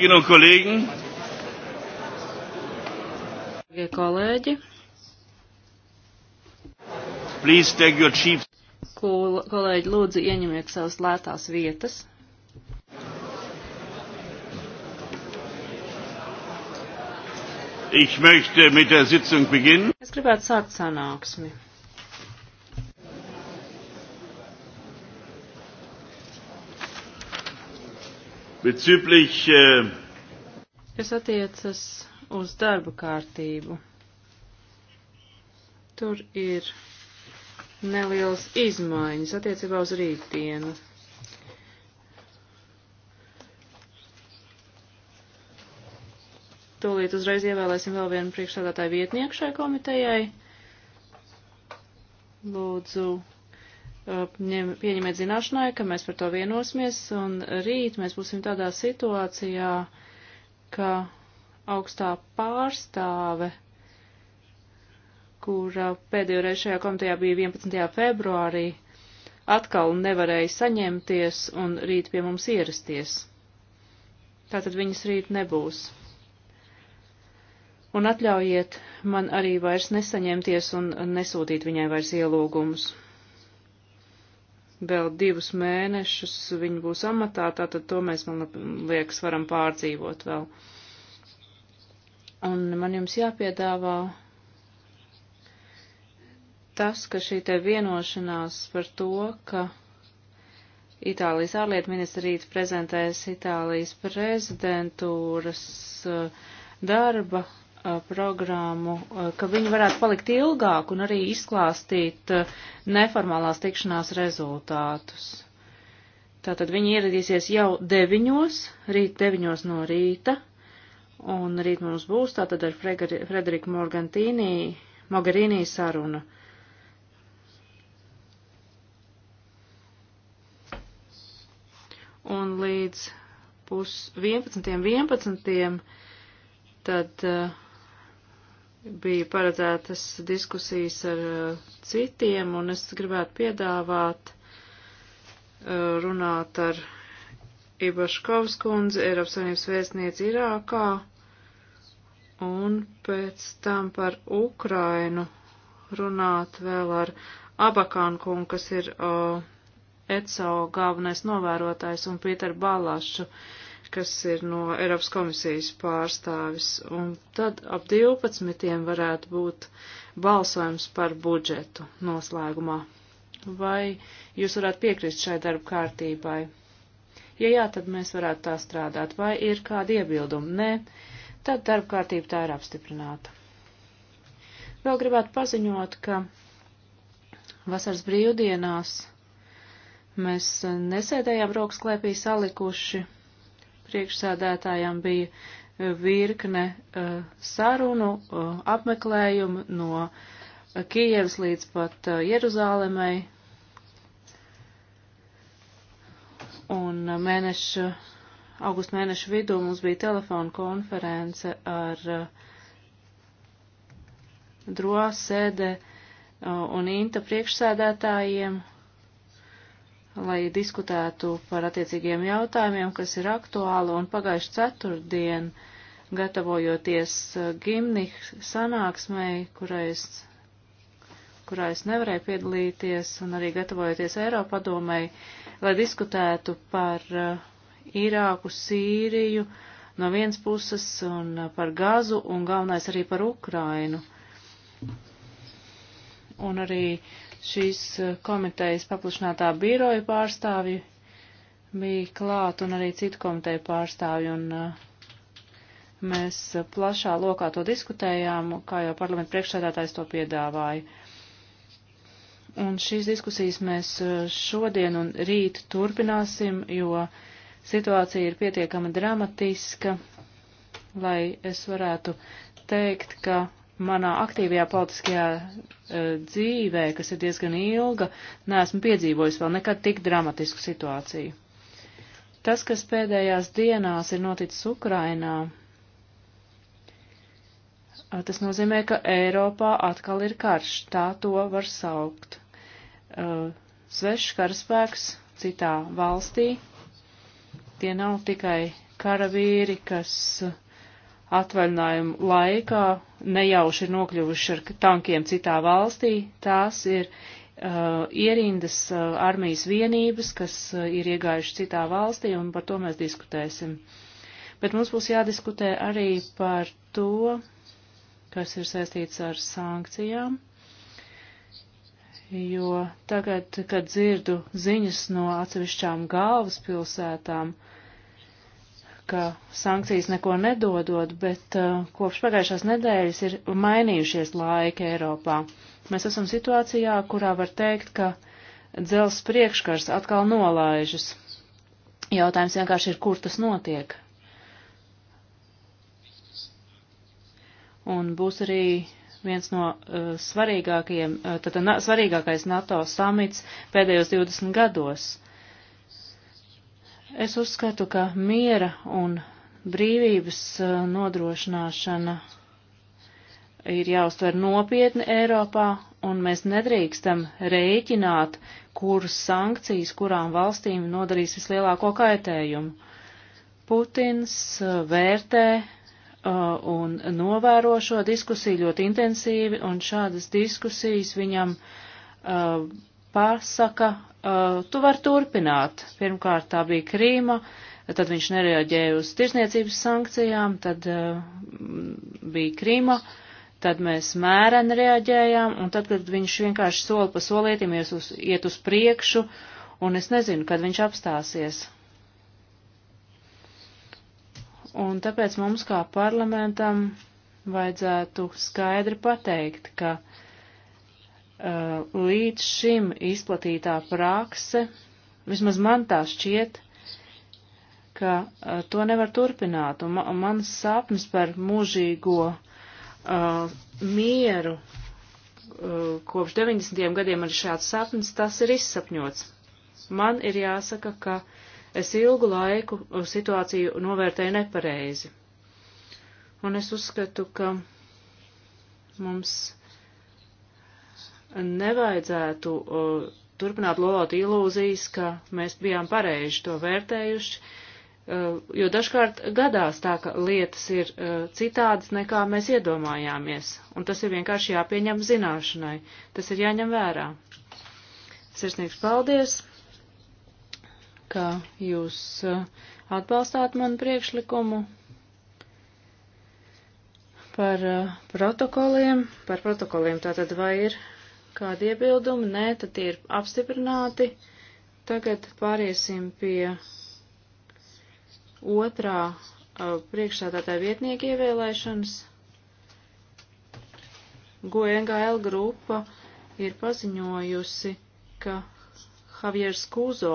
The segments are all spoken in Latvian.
Kolleginnen un Kollegen. Kolēģi. Please take your chief. Kol kolēģi, lūdzu, ieņemiet savas lētās vietas. Ich möchte mit der Sitzung beginnen. Es gribētu sākt sanāksmi. Bezüglich, uh... Äh, kas attiecas uz darba kārtību. Tur ir nelielas izmaiņas attiecībā uz rītdienu. Tūlīt uzreiz ievēlēsim vēl vienu priekšsādātāju vietnieku šai komitejai. Lūdzu, ņem, pieņemiet zināšanai, ka mēs par to vienosimies, un rīt mēs būsim tādā situācijā, ka augstā pārstāve, kura pēdējo reizi šajā komitejā bija 11. februārī, atkal nevarēja saņemties un rīt pie mums ierasties. Tātad viņas rīt nebūs. Un atļaujiet man arī vairs nesaņemties un nesūtīt viņai vairs ielūgumus vēl divus mēnešus viņi būs amatā, tātad to mēs, man liekas, varam pārdzīvot vēl. Un man jums jāpiedāvā tas, ka šī te vienošanās par to, ka Itālijas ārlietu ministra rīt prezentēs Itālijas prezidentūras eh, darba Uh, programmu, uh, ka viņi varētu palikt ilgāk un arī izklāstīt uh, neformālās tikšanās rezultātus. Tātad viņi ieradīsies jau deviņos, rīt deviņos no rīta, un rīt mums būs tātad ar Frederiku Morgantīnī, Mogarīnī saruna. Un līdz pus 11.11. 11, 11 tad uh, bija paredzētas diskusijas ar uh, citiem, un es gribētu piedāvāt uh, runāt ar Ibaškovs kundzi, Eiropas Savienības vēstnieci Irākā, un pēc tam par Ukrainu runāt vēl ar Abakānu kungu, kas ir uh, ECO galvenais novērotājs, un Pīteru Balašu. Uh, kas ir no Eiropas komisijas pārstāvis, un tad ap 12. varētu būt balsojums par budžetu noslēgumā. Vai jūs varētu piekrist šai darba kārtībai? Ja jā, tad mēs varētu tā strādāt. Vai ir kādi iebildumi? Nē, tad darba kārtība tā ir apstiprināta. Vēl gribētu paziņot, ka vasaras brīvdienās mēs nesēdējām rokas klēpī salikuši priekšsādētājām bija e, virkne e, sarunu, e, apmeklējumu no Kijevas līdz pat Jeruzālēmai. Un mēneša, augusta mēneša vidū mums bija telefona konference ar droā sēde un inta priekšsēdētājiem lai diskutētu par attiecīgiem jautājumiem, kas ir aktuāli, un pagājuši ceturtdien, gatavojoties uh, gimnih sanāksmei, kurai es, kurā es nevarēju piedalīties, un arī gatavojoties Eiropadomai, lai diskutētu par uh, Irāku, Sīriju no vienas puses, un uh, par gazu, un galvenais arī par Ukrainu. Un arī uh, šīs e, komitejas paplašinātā biroja pārstāvji bija klāt un arī citu komiteju pārstāvji. Un, uh, Mēs plašā lokā to diskutējām, kā jau parlamenta priekšsēdētājs to piedāvāja. Un šīs diskusijas mēs e, šodien un rīt turpināsim, jo situācija ir pietiekama dramatiska, lai es varētu teikt, ka manā aktīvajā politiskajā uh, dzīvē, kas ir diezgan ilga, neesmu piedzīvojis vēl nekad tik dramatisku situāciju. Tas, kas pēdējās dienās ir noticis Ukrainā, uh, tas nozīmē, ka Eiropā atkal ir karš, tā to var saukt. Uh, Svešs karaspēks citā valstī, tie nav tikai karavīri, kas uh, atvaļinājumu laikā nejauši ir nokļuvuši ar tankiem citā valstī, tās ir uh, ierindas uh, armijas vienības, kas uh, ir iegājuši citā valstī, un par to mēs diskutēsim. Bet mums būs jādiskutē arī par to, kas ir saistīts ar sankcijām, jo tagad, kad dzirdu ziņas no atsevišķām galvaspilsētām, uh, ka sankcijas neko nedodot, bet uh, kopš pagājušās nedēļas ir mainījušies laika Eiropā. Mēs esam situācijā, kurā var teikt, ka dzels priekškars atkal nolaižas. Jautājums vienkārši ir, kur tas notiek. Un būs arī viens no uh, svarīgākajiem, uh, tad na, svarīgākais NATO samits pēdējos 20 gados. Uh, Es uzskatu, ka miera un brīvības uh, nodrošināšana ir jāuztver nopietni Eiropā, un mēs nedrīkstam rēķināt, kuras sankcijas kurām valstīm nodarīs vislielāko kaitējumu. Putins uh, vērtē uh, un novēro šo diskusiju ļoti intensīvi, un šādas diskusijas viņam pasaka, uh, tu var turpināt. Pirmkārt tā bija Krīma, tad viņš nereaģēja uz tirsniecības sankcijām, tad uh, bija Krīma, tad mēs mēreni reaģējām, un tad, kad viņš vienkārši soli pa solietim iet uz, iet uz priekšu, un es nezinu, kad viņš apstāsies. Un tāpēc mums kā parlamentam vajadzētu skaidri pateikt, ka uh, Uh, līdz šim izplatītā prakse, vismaz man tā šķiet, ka uh, to nevar turpināt. Un, un mans sapnis par mūžīgo uh, mieru uh, kopš 90. gadiem arī šāds sapnis, tas ir izsapņots. Man ir jāsaka, ka es ilgu laiku uh, situāciju novērtēju nepareizi. Un es uzskatu, ka mums nevajadzētu uh, turpināt lolot ilūzijas, ka mēs bijām pareizi to vērtējuši, uh, jo dažkārt gadās tā, ka lietas ir uh, citādas nekā mēs iedomājāmies, un tas ir vienkārši jāpieņem zināšanai, tas ir jāņem vērā. Sirsnīgs paldies, ka jūs atbalstāt manu priekšlikumu par protokoliem, par protokoliem tātad vai ir Kādi iebildumi? Nē, tad tie ir apstiprināti. Tagad pāriesim pie otrā priekšsādātāja vietnieka ievēlēšanas. GoNGL grupa ir paziņojusi, ka Javiers Kūzo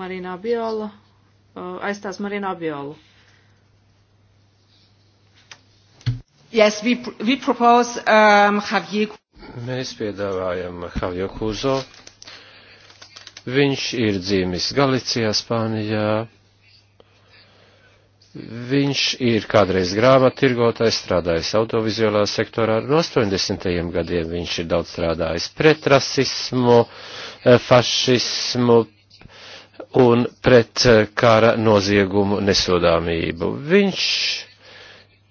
Marina Biola aizstās Marina Biolu. Yes, we, we propose um, Javier Mēs piedāvājam Havio Kuzo. Viņš ir dzīvis Galicijā, Spānijā. Viņš ir kādreiz grāmatirgotājs, strādājis autovizuālā sektorā. No 80. gadiem viņš ir daudz strādājis pret rasismu, eh, fašismu, un pret eh, kara noziegumu nesodāmību. Viņš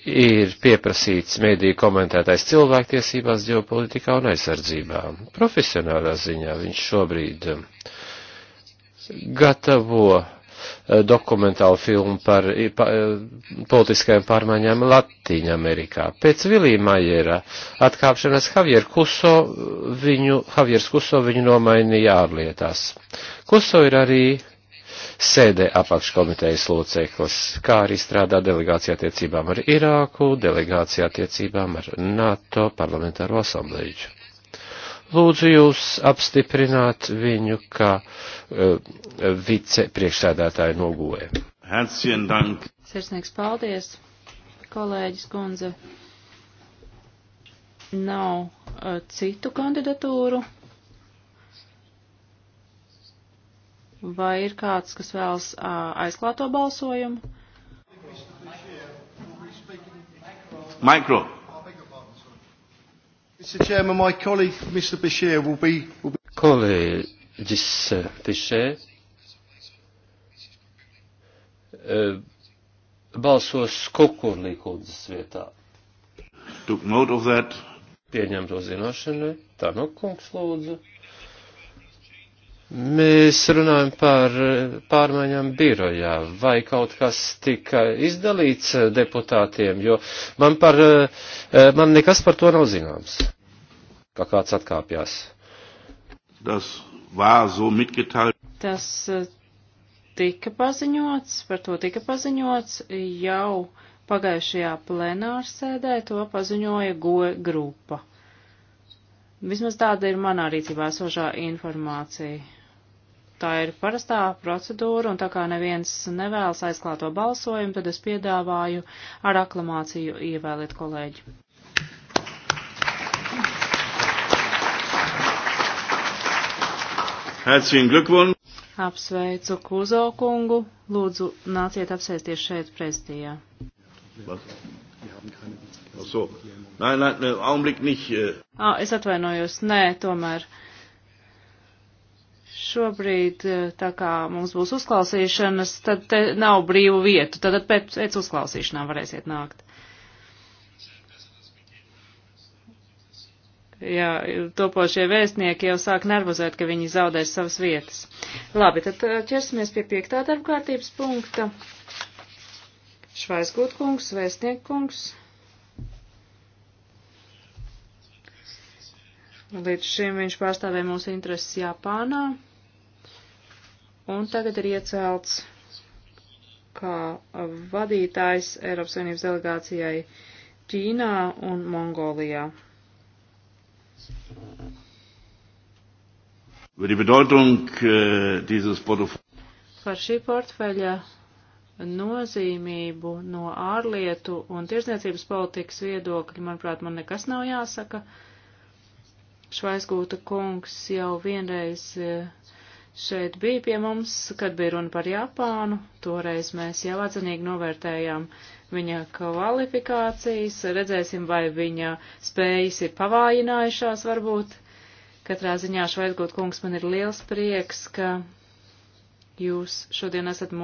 ir pieprasīts mēdīju komentētais cilvēktiesībās, ģeopolitikā un aizsardzībā. Profesionālā ziņā viņš šobrīd um, gatavo uh, dokumentālu filmu par uh, politiskajām pārmaiņām Latīņa Amerikā. Pēc Vilija Majera atkāpšanas Javier Kuso viņu, Javiers Kuso viņu nomainīja ārlietās. Kuso ir arī sēdē apakškomitejas loceklis, kā arī strādā delegācija attiecībām ar Irāku, delegācija attiecībām ar NATO parlamentāro asamblēju. Lūdzu jūs apstiprināt viņu kā uh, vicepriekšsēdētāju nogulē. E. Sirsnīgs paldies, kolēģis Gunze. Nav uh, citu kandidatūru. Vai ir kāds, kas vēlas aizklāt to balsojumu? Mikro. Kolēģis Pišē balsos Kukurlī kundzes vietā. Pieņem to zināšanai. Tā nu, kungs, lūdzu. Mēs runājam par pārmaiņām birojā, vai kaut kas tika izdalīts deputātiem, jo man, par, man nekas par to nav zināms, kā kāds atkāpjās. Tas vāzo mitgetā. Tas eh, tika paziņots, par to tika paziņots jau pagājušajā plenārsēdē, to paziņoja goja grupa. Vismaz tāda ir manā rīcībā sošā informācija. Tā ir parastā procedūra, un tā kā neviens nevēlas aizklāto balsojumu, tad es piedāvāju ar aklamāciju ievēlēt kolēģi. Herzlichen Glückwunsch! Apsveicu Kuzo kungu. Lūdzu, nāciet apsēsties šeit prezidijā. Was? Was so? Nē, nē, nē, augenblick nicht. Äh. Ah, es atvainojos, nē, tomēr. Šobrīd, äh, tā kā mums būs uzklausīšanas, tad te nav brīvu vietu, tad pēc, pēc uzklausīšanām varēsiet nākt. Jā, topošie vēstnieki jau sāk nervozēt, ka viņi zaudēs savas vietas. Labi, tad äh, ķersimies pie piektā darbkārtības punkta. Švaizgūt kungs, vēstnieku kungs. Līdz šim viņš pārstāvēja mūsu intereses Japānā, un tagad ir iecelts kā vadītājs Eiropas Savienības delegācijai Ķīnā un Mongolijā. Äh, Par šī portfeļa nozīmību no ārlietu un tirzniecības politikas viedokļa, manuprāt, man nekas nav jāsaka. Uh, Švaisgūta kungs jau vienreiz eh, šeit bija pie mums, kad bija runa par Japānu. Toreiz mēs jau atzinīgi novērtējām viņa kvalifikācijas. Redzēsim, vai viņa spējas ir pavājinājušās varbūt. Katrā ziņā Švaisgūta kungs man ir liels prieks, ka jūs šodien esat mūsu.